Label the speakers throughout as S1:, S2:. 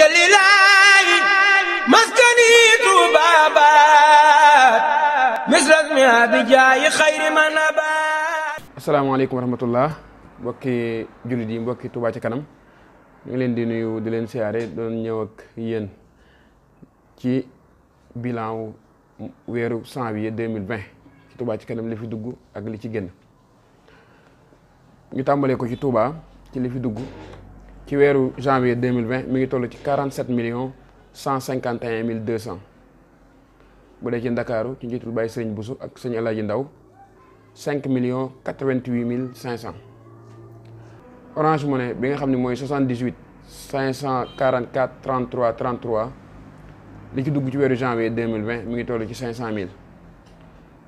S1: jëlilaay maskani Tuubaa baat misras mi abijaayi abaat asalaamaaleykum wa rahmatullah mbokki jullit yi mbokki Tuubaa ci kanam ñu ngi leen di nuyu di leen siyaare doon ñëw ak yéen ci bilan weeru wu weeru janvier 2020 ci Tuubaa ci kanam li fi dugg ak li ci génn ñu tàmbalee ko ci Tuubaa ci li fi dugg ci weeru janvier deux mille vingt mi ngi toll ci quarante sept millions cent cinquante et un mille deux cent bu dee ci Ndakaaru ci njiitul Baye Sëñ Bousso ak Sëñ El Hadji Ndaw cinq millions quatre vingt huit mille cinq cent. Orange Money bi nga xam ne mooy soixante dix huit cinq cent quarante quatre trente trois trente trois li ci dugg ci weeru janvier deux mille vingt mi ngi toll ci cinq cent mille.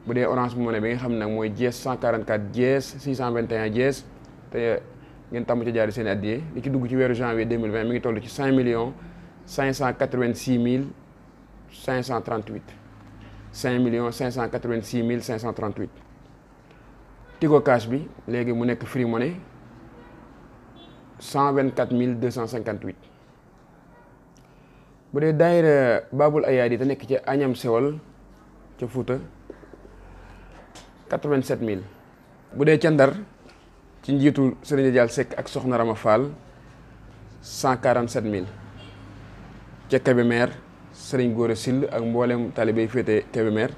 S1: bu dee Orange Money bi nga xam ne nag mooy jees cent quarante quatre jees six cent vingt jees ngeen tàmm ci jaari seen addiyee li ci dugg ci weeru janvier 2020 mi ngi toll ci 5 millions 586 mille 538 5 millions 586 mille 538 Tigo Cash bi léegi mu nekk Free Money 124 mille 258 bu dee daayira Babul Ayaadi te nekk ci Agnam Sewal ca Fouta 87 mille bu dee ca ci njiitu Serigne Dial Seck ak Soxna Rama Fall cent quarante sept mille ca Kébémer Serigne Gora Sill ak mboolem taalibe yi féete Kébémer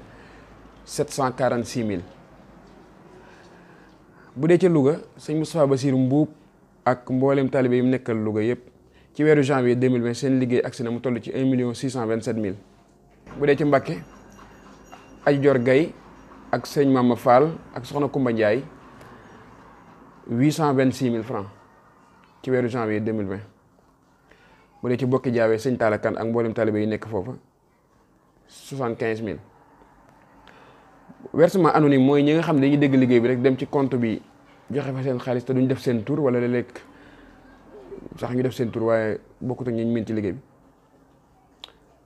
S1: sept cent quarante six mille bu dee ca Louga sëñ Moustapha Bassirou Mbuub ak mboolem taalibe yi mu nekkal Louga yëpp ci weeru janvier deux mille vingt seen liggéey agsi na mu toll ci un million six cent vingt sept mille bu dee ci Mbàkke Aji Joor Gay ak sëñ Mama Fall ak Soxna Kumba Ndiaye huit cent vingt six mille francs ci weeru janvier deux mille vingt bu dee ci bokki jaawee sëñ Talla Kane ak mboolem talibé yi nekk foofa soixante quinze mille versement anonyme mooy ñi nga xam ne dañuy dégg liggéey bi rek dem ci compte bi joxe fa seen xaalis te duñ def seen tour wala léeg-léeg sax ñu def seen tur waaye bokkut ak ñu miin ci liggéey bi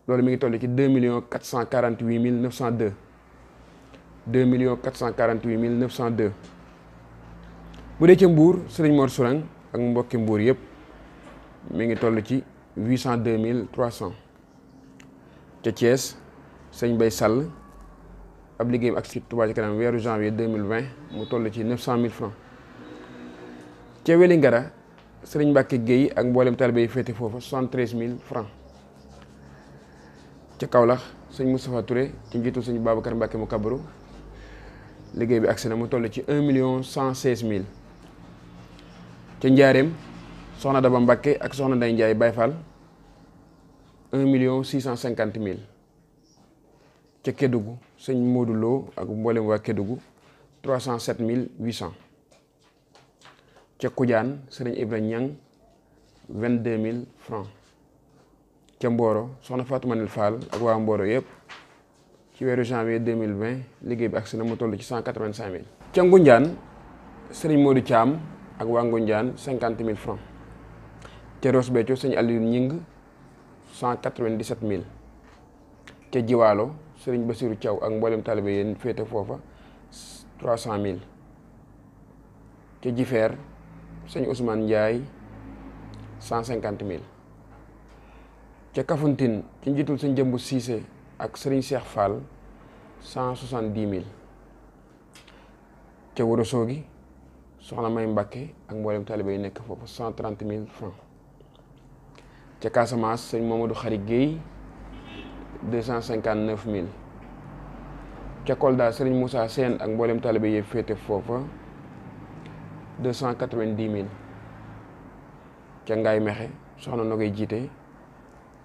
S1: loolu mi ngi toll ci deux millions quatre cent quarante huit mille neuf cent deux deux millions quatre cent quarante huit mille neuf cent deux bu dee ca Mbour Serigne moor suran ak mbokki Mbour yëpp mi ngi toll ci huit cent deux mille trois cent ca Thiès sëñ Bay Sall ab liggéeyam ak si Touba Ca Kanam weeru janvier deux mille vingt mu toll ci neuf cent mille francs ca Wélingara Serigne Mbacke Guèye ak mboolem talibé yi féete foofu soixante treize mille francs ca Kaolack sëñ Moustapha ture ci njiitu sëñ Babacar Mbacke mu kabaru liggéey bi agsi na mu toll ci un million cent seize mille ca njaareem soxna Daba Mbakke ak soxna Ndeye Ndiaye Baye Fall un million six cent cinquante mille ca Kédougou sëñ Modou ak mboolem waa Kédougou trois cent mille huit cent ca Kujaan sëriñ Ibrahima Niang vingt deux mille francs ca Mboro soxna Fatou Manel ak waa Mboro yëpp ci weeru janvier deux mille vingt liggéey bi agsi na mu toll ci cent quatre vingt cinq mille. ca Ngunjaan sëriñ Modou Thiam. ak waa Ngunjaan cinquante mille francs ca Ross Béthio sëñ Aliou Ñing cent quatre-vingt-dix-sept mille ca Jiwaalo sëriñ Basiru Thiaw ak mboolem taalibe yéen féete foofa trois cent mille ca Jifeer sëñ Ousmane Ndiaye cent cinquante mille ca Kafountine ci njiitul sëñ Jëmbu Cissé ak sëriñ Cheikh Fall cent soixante-dix mille ca Ourossogui soxna May Mbakke ak mboolem taaliba yi nekk foofu cent trente mille francs ca Casamance sëñ Mamadou Xari Guèye deux cent cinquante neuf mille ca Kolda Moussa Sène ak mboolem taaliba yi féete foofa deux cent quatre vingt dix mille ca Ngaay Mexe soxna Nogay Jiite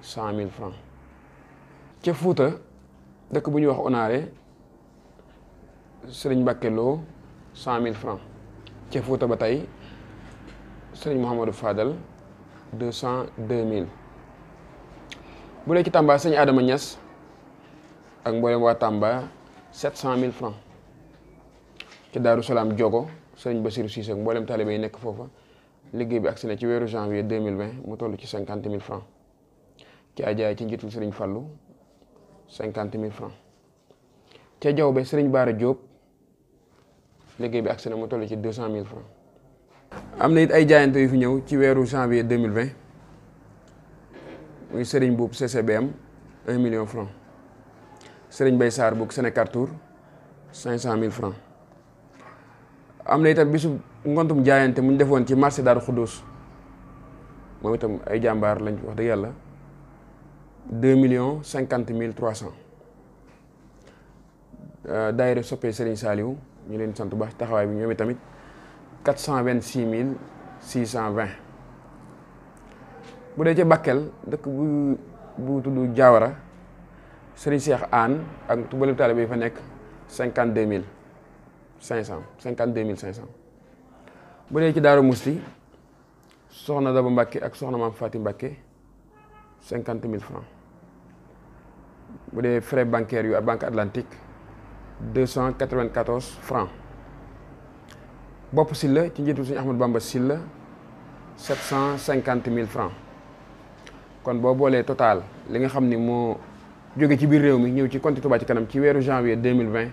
S1: cent mille francs ca Fuuta dëkk bu ñuy wax Onaare sëriñ Mbakke Lo cent mille francs ce Fuuta ba tey sëriñ Mouhamadou Fadal deux cent deux mille bu dee ci Tamba sëñ Adama ñas ak mboolem waa Tamba sept cent mille francs ci Daaru Salaam Jogo sëriñ Basiru Cissé ak mboolem taalibe yi nekk foofa liggéey bi aksi na ci weeru janvier deux mille vingt mu toll ci cinquante mille francs ci ajaay ci njiitul sëriñ Fallou cinquante mille francs jaw bi sëriñ Baara Diop léegi bi agsi na mu toll ci deux cent mille francs am na it ay jaayante yu fi ñëw ci weeru janvier deux mille vingt muy Serigne Boub CCBM un million franc Serigne Bay Sarr bu Sénécartour cinq cent mille franc am na itam bisu ngontum jaayante muñ defoon ci marché Daaru Xuddus moom itam ay jàmbaar lañ wax dëgg yàlla deux million cinquante mille trois cent euh, daayira soppee Serigne Saliou ñu leen sant bu baax taxawaay bi ñoom tamit quatre cent vingt six mille six cent vingt bu dee ca Bakel dëkk bu bu tudd Diawara Serigne Cheikh Anne ak tubali taalibe fa nekk cinquante deux mille cinq cent cinquante deux mille cinq cent bu dee ci Daaru Musti soxna Daba Mbàkke ak soxna Maam Faati Mbàkke cinquante mille francs bu dee frais bancaires yu banque atlantique deux cent quatre-vingt-quatorze francs bopp Silla ci njiitu suñu Ahmad Bamba Silla sept cent cinquante mille francs kon boo boolee total li nga xam ni moo jóge ci biir réew mi ñëw ci compte Touba ci kanam ci weeru janvier deux mille vingt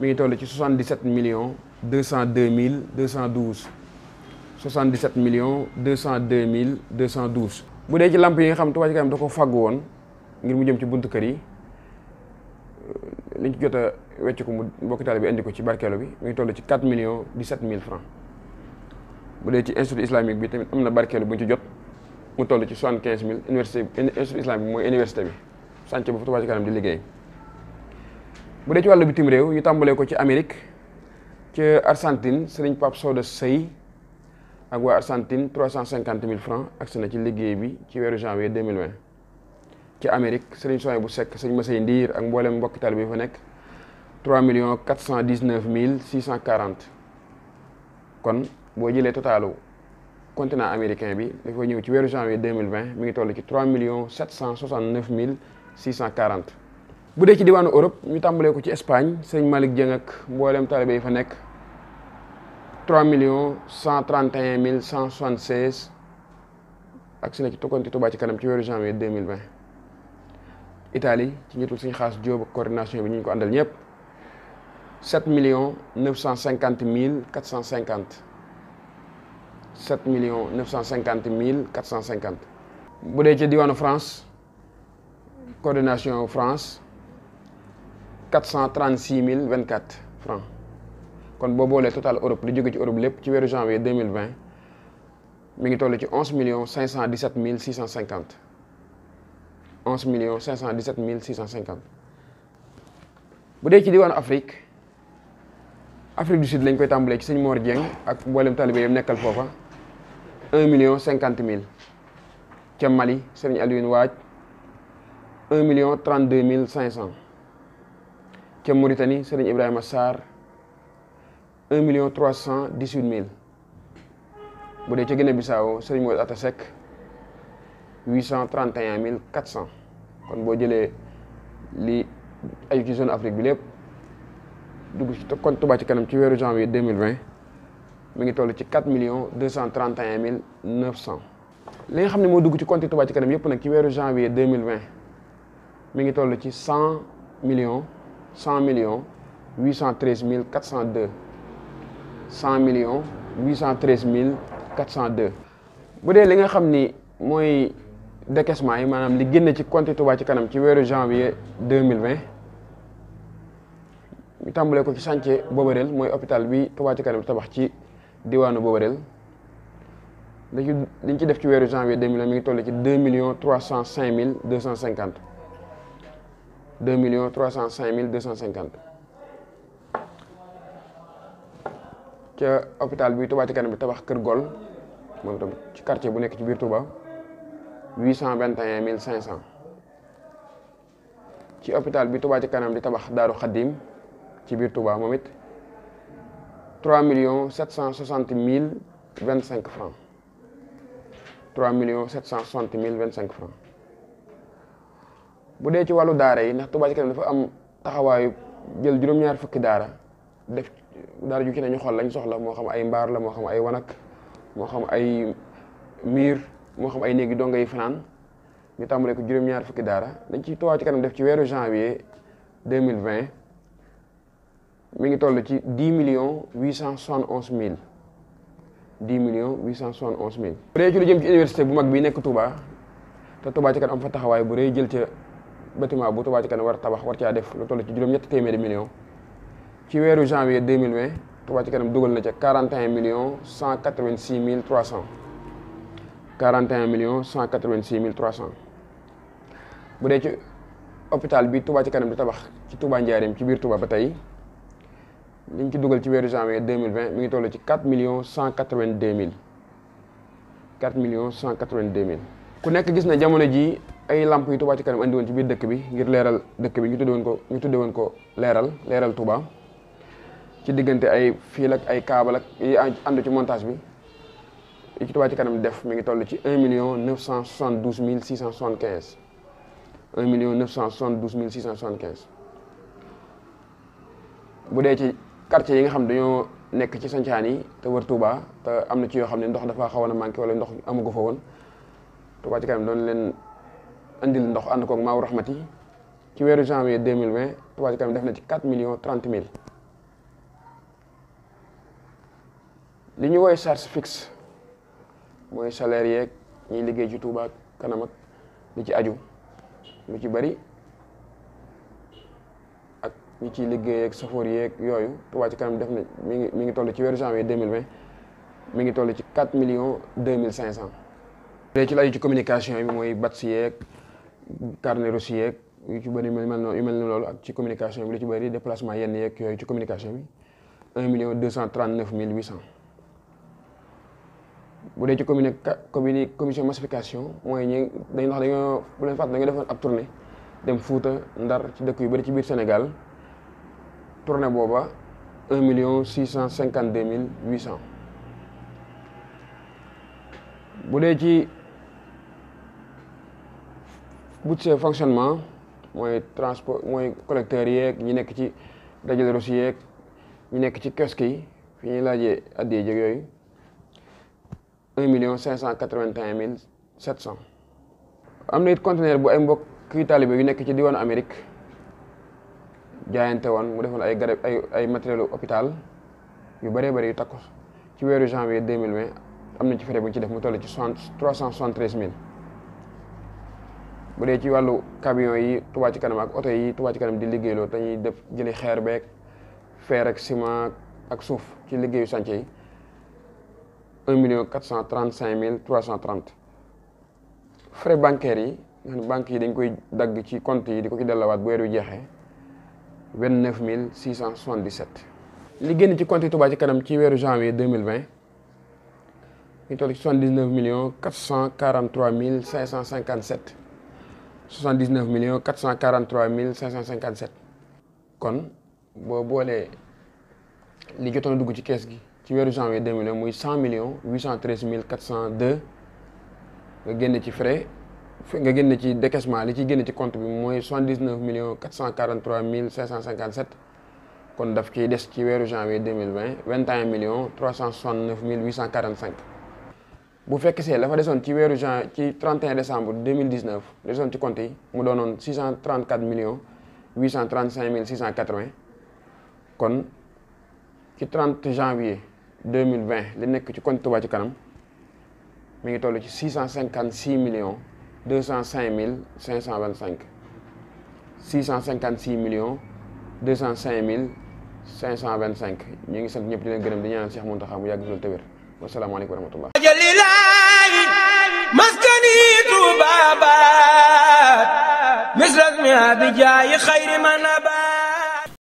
S1: mu ngi toll ci soixante-dix-sept millions deux cent deux mille deux cent douze soixante-dix-sept millions deux cent deux mille deux cent douze bu dee ci lamp yi nga xam Touba ci kanam da ko fàggu woon ngir mu jëm ci buntu kër yi liñ ci jot a wecc ko mu mbokki taalibe bi indi ko ci barkeelu bi mu ngi toll ci 4 millions 17 mille francs bu dee ci institut islamique bi tamit am na barkeelu bu ñu ci jot mu toll ci 75 mille université institut mooy université bi sànq ba di liggéey bu dee ci wàllu bitim réew ñu tàmbalee ko ci Amérique ci Argentine Serigne Pape Soda Sey ak waa cent 350 mille francs agsi na ci liggéey bi ci weeru janvier 2020 ci Amérique sëriñ Sohaibou Seck sëriñ Masey Ndiir ak mboolem mbokki taalibe bi fa nekk 3 millions 419 mille 640 kon boo jëlee totalu continent américain bi dafa ñëw ci weeru janvier 2020 mi ngi toll ci 3 millions 769 mille 640. bu dee ci diwaanu Europe ñu tàmbalee ko ci Espagne sëriñ Malick Dieng ak mboolem taalibe yi fa nekk 3 millions 131 mille 176 ak si na ci tukkanti Touba ci kanam ci weeru janvier 2020. Italie ci njiitul suñ xaas Jóob ak coordination bi ñu ko àndal ñëpp sept millions neuf cent cinquante mille quatre cent cinquante sept millions neuf cent cinquante mille quatre cent cinquante bu dee ci diwaanu France coordination France quatre cent trente six mille vingt quatre francs kon boo boolee total Europe di jóge ci Europe lépp ci weeru janvier deux mille vingt mi ngi toll ci onze millions cinq cent dix sept mille six cent cinquante onze millions cinq cent dix-sept mille six cent cinquante bu dee ci diwaanu Afrique Afrique du Sud lañ koy tàmbalee ci sëñ Mor Dieng ak mboolem taalibe yam nekkal foofa un million cinquante mille ca Mali sëriñ Alioune Waaj un million trente deux mille cinq cent ca Mauritanie sëriñ Ibrahima Sarr un million trois cent dix huit mille bu dee ca Guinée Bissau sëriñ Moodu Ata Seck huit cent trente et un mille quatre cent kon boo jëlee li ay ci zone Afrique bi lépp dugg ci kon Touba ci kanam ci weeru janvier deux mille vingt mi ngi toll ci quatre millions deux cent trente et mille neuf cent. li nga xam ne moo dugg ci compte Touba ci kanam yëpp nag ci weeru janvier deux mille vingt mi ngi toll ci cent millions cent millions huit cent treize mille quatre cent deux cent millions huit cent treize mille quatre cent deux bu dee li nga ni mooy. décaissement yi maanaam li génne ci compte Touba ci kanam ci weeru janvier deux mille ñu tàmbalee ko ci chantier Bobarel mooy hôpital bi Touba ci kanam tabax ci diwaanu Bobarel li ci li ñu ci def ci weeru janvier deux mille mi ngi toll ci deux millions trois cent cinq mille deux cent cinquante deux millions trois cent cinq mille deux cent cinquante ca hôpital bi Touba ci kanam bi tabax Kër Gol moom tam ci quartier bu nekk ci biir Touba. huit cent vingt et un mille cinq cent ci hôpital bi tubaa ci kanam di tabax Daaru Xaddim ci biir tubaa moom it trois millions sept cent soixante mille vingt cinq francs trois millions sept cent soixante mille vingt cinq francs bu dee ci wàllu daara yi ndax Touba ci kanam dafa am taxawaayu jël juróom-ñaar fukki daara def daara ju ci ne ñu xool lañ soxla moo xam ay mbaar la moo xam ay wanak moo xam ay miir moo xam ay néegi donga yi fanaan ñu tàmbalee ko juróom-ñaar fukki daara dañ ci Touba ci kanam def ci weeru janvier deux mille vingt mi ngi toll ci dix millions huit cent soixante onze mille dix millions huit cent soixante onze mille. bu dee ci lu jëm ci université bu mag bi nekk Touba te Touba ci kanam am fa taxawaay bu rëy jël ca bâtiment bu Touba ci kanam war a tabax war caa def lu toll ci juróom-ñetti téeméeri millions ci weeru janvier deux mille ci kanam dugal na ca quarante et un millions cent quatre cent. 41 millions 186 mille 300 bu dee ci hôpital bi Touba ci kanam di tabax ci Touba Njaareem ci biir Touba ba tey li ñu ci dugal ci weeru janvier 2020 mi ngi toll ci 4 millions 182 mille 4 millions 182 mille ku nekk gis na jamono ji ay lamp yu Touba ci kanam andi woon ci biir dëkk bi ngir leeral dëkk bi ñu tudde woon ko ñu tudde woon ko leeral leeral Touba ci diggante ay fiil ay kaabal ak yi ànd ci montage bi li ci Touba ci kanam def mi ngi toll ci 1 million 972 mille 675 1 million 972 mille 675 bu dee ci quartier yi nga xam dañoo nekk ci sancaan yi te war Touba te am na ci yoo xam ne ndox dafa xawoon a manqué wala ndox amagu fa woon Touba ci kanam doon leen andil ndox ànd koog Maawu Rahmati ci weeru janvier 2020 Touba ci kanam def na ci 4 millions 30 mille li ñu woowee charge fixe. mooy salaire yeeg ñiy liggéey ci Touba kanam ak li ci aju lu ci bari ak ñi ciy liggéey ak safoor yeeg yooyu Touba ci kanam def na mu ngi mi ngi toll ci weeru janvier deux mille vingt mi ngi toll ci quatre millions deux mille cinq cent. léegi ci la aju ci communication yi mooy bats yeeg carnet reçu yeeg yu ci bëri yu mel ni loolu ak ci communication bi lu ci bëri déplacement yenn yeeg yooyu ci communication bi un million deux cent trente neuf mille huit cent. bu dee ci commune commune commission massification mooy ñi dañ wax dañoo bu leen fàtte dañoo defoon ab tournée dem Fuuta Ndar ci dëkk yu bëri ci biir Sénégal tournée booba un million six cent cinquante deux mille huit cent bu dee ci budget fonctionnement mooy transport mooy collecteurs yeeg ñi nekk ci dajale reçu yeeg ñi nekk ci kiosque yi fi ñuy laajee addee jeg yooyu un million cinq cent quatre-vingt-un mille sept cent am na it conteneur bu ay mbokki taalibe yu nekk ci di diwaanu Amérique jaayante woon mu defoon ay garab ay ay matériel hôpital yu bëree bëri yu takku ci weeru janvier deux mille vingt am na ci fere bu ci def mu toll ci soixante trois cent soixante-treize mille bu dee ci wàllu camion yi Touba ci kanam ak oto yi Touba ci kanam di liggéeyloo dañuy def jëli xeer beeg fer ak ciment ak suuf ci liggéeyu chantier yi un million quatre cent trente cinq mille trois cent trente frais bancaires yi nga xam ne yi dañ koy dagg ci compte yi di ko ci dellawaat bu weer wi jeexee vingt neuf mille six cent soixante dix sept li génn ci compte yi Touba ci kanam ci weeru janvier deux mille vingt ñu toll ci soixante dix neuf millions quatre cent quarante trois mille cinq cent cinquante sept soixante dix neuf mille cinq cent kon boo boolee li jotoon dugg ci kees gi. ci weeru janvier 2001 muy 100 millions 813 mille 402 nga génn ci frais nga génn ci décaissement li ci génn ci compte bi mooy 79 millions 443 mille 557 kon daf ciy des ci weeru janvier 2020 21 millions 369 mille 845 bu fekk see la fa desoon ci weeru jan ci 31 décembre 2019 desoon ci compte yi mu doonoon 634 millions 835 mille 680 kon ci 30 janvier deux mille vingt li nekk ci compte Touba ci kanam mi ngi toll ci six cent cinquante six millions deux cent cinq mille cinq cent vingt cinq six cent cinquante six millions deux cent cinq mille cinq cent vingt cinq ñu ngi sant ñëpp di leen gërëm di ñaanal Cheikh mu yàgg loolu te wér wasalaamaaleykum wa rahmatullah jalilaay maskani Touba misrasmi